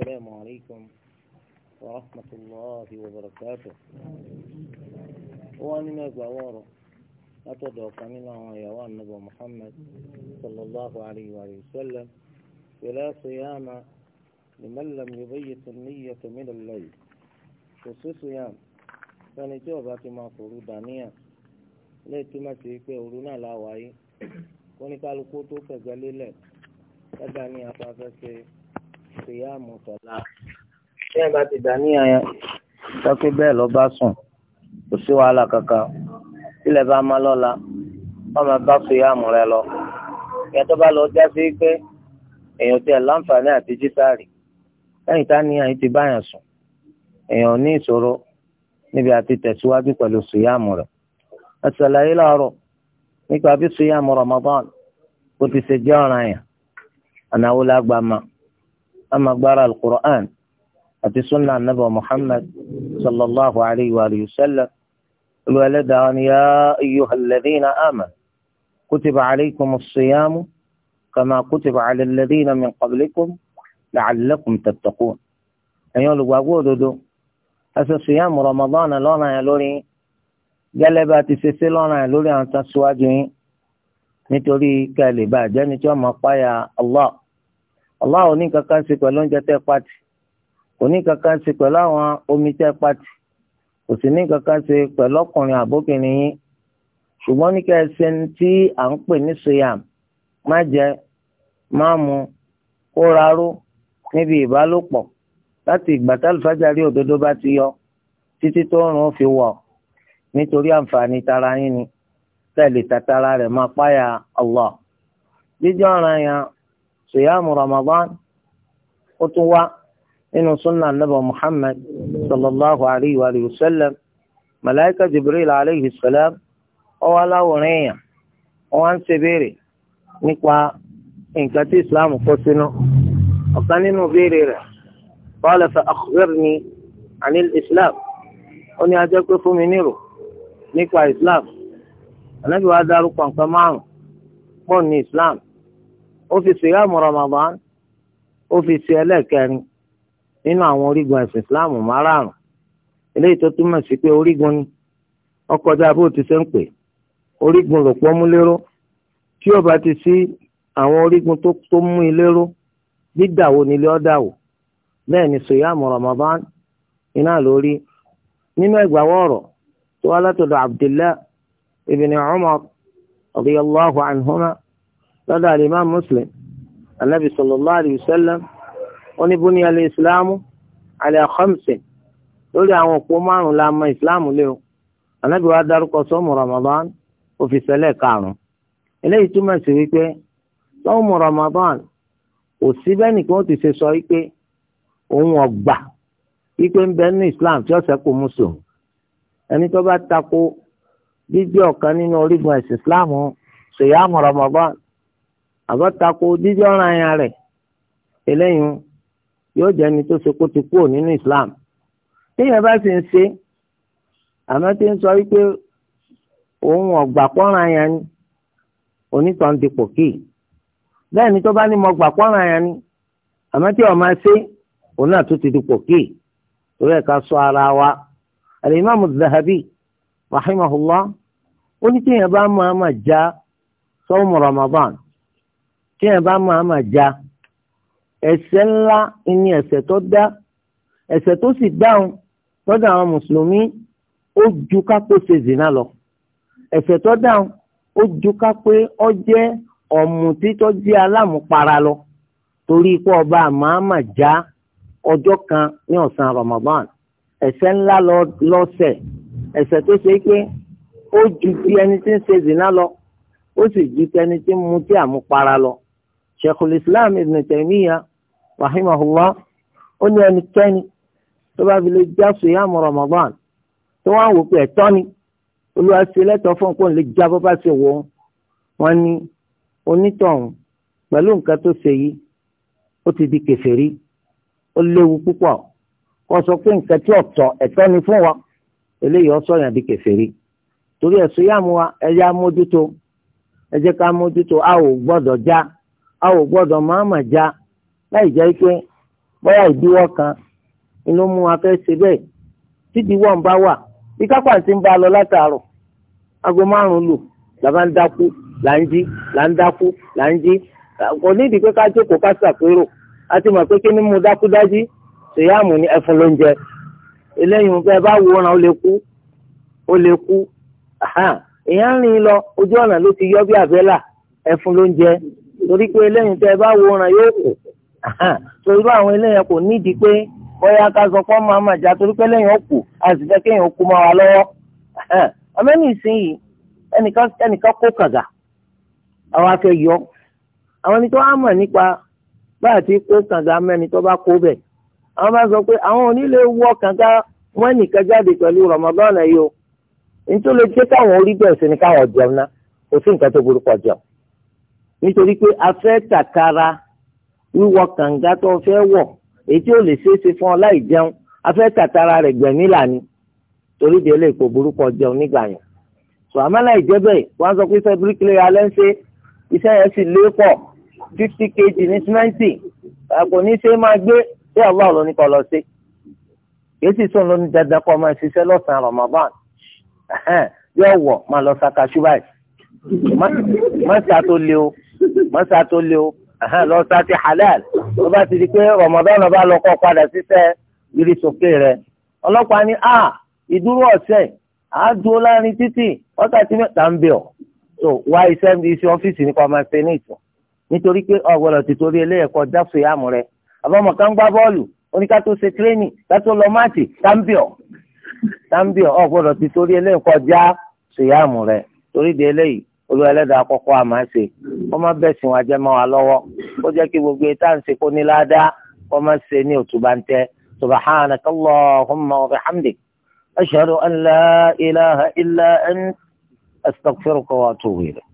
السلام عليكم ورحمة الله وبركاته وأننا قوارا أتدعو قمنا ويا النبي محمد صلى الله عليه وآله وسلم بلا صيام لمن لم يبيت النية من الليل وصي صيام فنجوبة ما فرود نية ليتما سيكي ورنا لا وعي kóníkálukú tó fẹ̀gbẹ́ lélẹ̀ ẹ̀dá ni ìyá àmọ̀tọ̀lá ṣé ìgbà ti dà ní àyàn sọ́kí bẹ́ẹ̀ lọ bá sùn kò sí wàhálà kankan tílẹ̀ bá má lọ́la wọ́n máa bá sùn ìyá àmọ̀ rẹ lọ ìyẹn tó bá lọ já sí pé èèyàn tiẹ̀ láǹfààní àti jísàárì lẹ́yìn tá ní àyè ti báyàn sùn èèyàn ní ìṣòro níbi àti tẹ̀síwájú pẹ̀lú sùyàmù rẹ̀ ẹ̀sẹ̀láyé láàárọ̀ nípa bí sùyàmù Ramadan bó ti ṣe jẹ́ ọ̀ràn yẹn ànáwó lágbàá ama gbára alukur'an àti sunna anabi muhammad sallallahu alayhi wa sallam olùwà ẹlẹ́dàá wọn yá ayyuhal ladhina amanu kutiba alaykumus siyamu kama kutiba alal ladhina min qablikum la'allakum tattaqun ẹ̀yin olùgbàgbọ́ òdodo ẹsẹ̀ siyamu ramadan lọ́nà yẹn lórí gẹ́lẹ́ bá ti ṣe ṣe lọ́nà yẹn lórí àwọn tó ń ṣíwájú yín nítorí ká allah. Allah ò ní kankan ṣe pẹ̀lú oúnjẹ tẹ́ pati kò ní kankan ṣe pẹ̀lú àwọn omi tẹ́ pati kò sì ní kankan ṣe pẹ̀lú ọkùnrin àbókìnrin yín ṣùgbọ́n ní kẹsẹ̀ tí à ń pè ní soyam má jẹ má mu kó raró níbi ìbálòpọ̀ láti ìgbà tálùfájàrí òdodo bá ti yọ títí tó ń rún fi wọ̀ nítorí àǹfààní tara yín ni tẹ̀lé tatara rẹ̀ máa páyà Allah jíjọ́ ọ̀ràn yẹn siyamu ramadan ó tún wá nínú sunna anabi muhammad sallallahu alayhi wa sallam malaika jibril alayhi salam ó wá láwòrán èèyàn wọ́n wá ń ṣe béèrè nípa nǹkan tí islam kó sínú ọ̀kan nínú béèrè rẹ̀ qala fa akhbirni anil islam ó ní ajẹ́ pé fún mi nírò nípa islam anabi wa dárúkọ nǹkan márùn-ún pọ̀ ní islam. ó fi siyam Ramadan ó fi ṣe ẹlẹ́ẹ̀kẹrin nínú àwọn orígun ẹ̀sìn Islam márààrún eléyìí tó túmọ̀ sí pé orígun ni ọkọjá bó ti ṣe ń pè orígun ló pọ́ mú lérò tí ó bá ti sí àwọn orígun tó mú i lérò dídàwó nílé bẹ́ẹ̀ ni Ramadan iná lórí lọ́dọ̀ alimam muslim anabi sallallahu alayhi wa sallam ó ní bóni alẹ́ ìsìláàmù alẹ́ àkọ́mùsìn lórí àwọn òpó márùn-ún la mọ ìsìláàmù lé o anabi wa dárúkọ sọ́mu ramadan ó fi sẹ́lẹ̀ karùn-ún eléyìí túmọ̀ sí wípé sọ́mu ramadan kò sí bẹ́ẹ̀ nìkan ti ṣe sọ wípé òun ọgbà wípé ń bẹ ní islam tí ọ̀sẹ̀ kò mùsùlùm ẹni tó bá tako gbígbé ọ̀kan nínú orígun ẹ̀sìn islam ṣèyá mọ̀ ramadan àbọ̀tako jíjọ́ ọ̀ràn ayà rẹ̀ eléyìí yóò jẹ́ ẹni tó ṣe kó ti kúrò nínú Islam téèyàn bá sì ń ṣe àmọ́ tí ń sọ wípé òun ọ̀gbà pọ́nra ayà ni onítàn ti pò kí bẹ́ẹ̀ ni tó bá ní mo gbà pọ́nra ayà ni àmọ́ tí ọ̀ma ṣe òun náà tó ti di pò kí torí ẹ̀ka sọ ara wa alimami zahabi rahimahullah ó ní téèyàn bá máa ma já sọ́mu Ramadan tí ẹ bá máa máa já ẹ̀ṣẹ̀ ńlá ni ẹ̀ṣẹ̀ tó dá ẹ̀ṣẹ̀ tó sì dáhùn lọ́dọ̀ àwọn mùsùlùmí ó ju kápó ṣe zina lọ ẹ̀ṣẹ̀ tó dáhùn ó ju kápé ó jẹ́ ọ̀mùtí tó jẹ́ alámùpara lọ torí pé ọba àmàmà já ọjọ́ kan ní ọ̀sán Ramadan ẹ̀ṣẹ̀ ńlá lọ́sẹ̀ ẹ̀ṣẹ̀ tó ṣe pé ó ju ti ẹni tí ń ṣe zina lọ ó sì ju ti tí ń mutí àmupara lọ sheikhul islam ibn taymiya rahimahullah ó ní ẹnikẹ́ni tó bá fi lè já sùyàmù ramadan tó wọ́n á wò pé ẹ̀tọ́ ni olúwa ṣe lẹ́tọ̀ọ́ fún kó lè já bó bá ṣe wọ̀ wọ́n ní onítọ̀hún pẹ̀lú nǹkan tó ṣe yìí ó ti di kèfèrí ó léwu púpọ̀ kó sọ pé nǹkan tí ọ̀tọ̀ ẹ̀tọ́ ni fún wa eléyìí ọ̀sọ̀ yàn di kèfèrí torí ẹ̀sùn yàmú wa ẹ̀yà mójútó ẹ ká mójútó a ò gbọ́dọ̀ já. Ja a ò gbọ́dọ̀ máa mà já láì jẹ́ pé bóyá ìdíwọ́ kan ni mú wa fẹ́ ṣe bẹ́ẹ̀ tídìíwọ́ bá wà bí kápá ti ń bá a lọ látàárọ̀ aago márùn-ún lò làbá ń dákú là ń jí là ń dákú là ń jí kò ká jókòó ká ṣàpérò a ti mọ̀ pé kí ni mo dákú dájí ṣèyáàmù ni ẹfun ló ń jẹ eléyìí lọ ojú torí pé eléyìí tẹ́ ẹ bá wo ràn yóò kù torí pé àwọn eléyìí kò nídìí pé bóyá ká sọ fún ọmọ àmàjà torí pé eléyìí òkú àti fẹ́ kéèyàn kú mọ́ wa lọ́wọ́ ọmọnì ìsinyìí ẹnìkan ẹnìkan kó kàgà àwọn afẹ́ yọ àwọn ẹni tó wá mọ̀ nípa bá àti kó kàgà mẹ́ni tó bá kó bẹ̀ àwọn bá sọ pé àwọn onílé wọ kàgà wọn jáde nítorí pé a fẹ́ tàkàrà wíwọ kànga tó fẹ́ wọ̀ èyí tí ò lè ṣeé ṣe fún ọ láì jẹun a fẹ́ tàkàrà rẹ̀ gbẹ̀mí lànà torí délé kò burúkọ jẹun nígbà yẹn sọ àmàlà ìjẹ́bẹ̀ wọ́n sọ pé iṣẹ́ bíríkìlì alẹ́ ń ṣe iṣẹ́ yẹn sì lé pọ̀ fifty kg ní sìmẹ́ǹtì kò ní ṣe máa gbé bí àwọn ọ̀rọ̀ ní kọ́ lọ sí yìí sì sùn lónìí dandan kọ́ máa ṣiṣẹ́ lọ́sàn-án Ramadan yóò wọ̀ máa lọ ṣàkàṣù báyìí má ṣàtò lé o. mọ́sá tó lé o lọ́sá ti halal tó bá ti di pé bá lọ kọ́ padà síṣẹ́ ìrì sókè ọlọ́pàá ní a ah, ìdúró ọ̀sẹ̀ àádúró láàrin títì ọ̀tá tí mẹ́ta ń bẹ̀ ọ́ so wá iṣẹ́ iṣẹ́ ọ́fíìsì ní kò máa ní ìtàn nítorí pé ọ̀gbọ́dọ̀ ti torí eléyẹ̀kọ́ jáfe àmú rẹ̀ àbọ̀mọ̀ gbá olú ẹlẹ́dàá kọ́kọ́ àmà ṣe kó má bẹ̀sìn wa jẹ́ mọ́ wa lọ́wọ́ kó jẹ́ kí gbogbo ètò à ń ṣe kó ní ládàá kó má ṣe ní òtúbà ń tẹ́ subhanaka allahumma wa bihamdik ashhadu an la ilaha illa ant astaghfiruka wa atubu ilayk.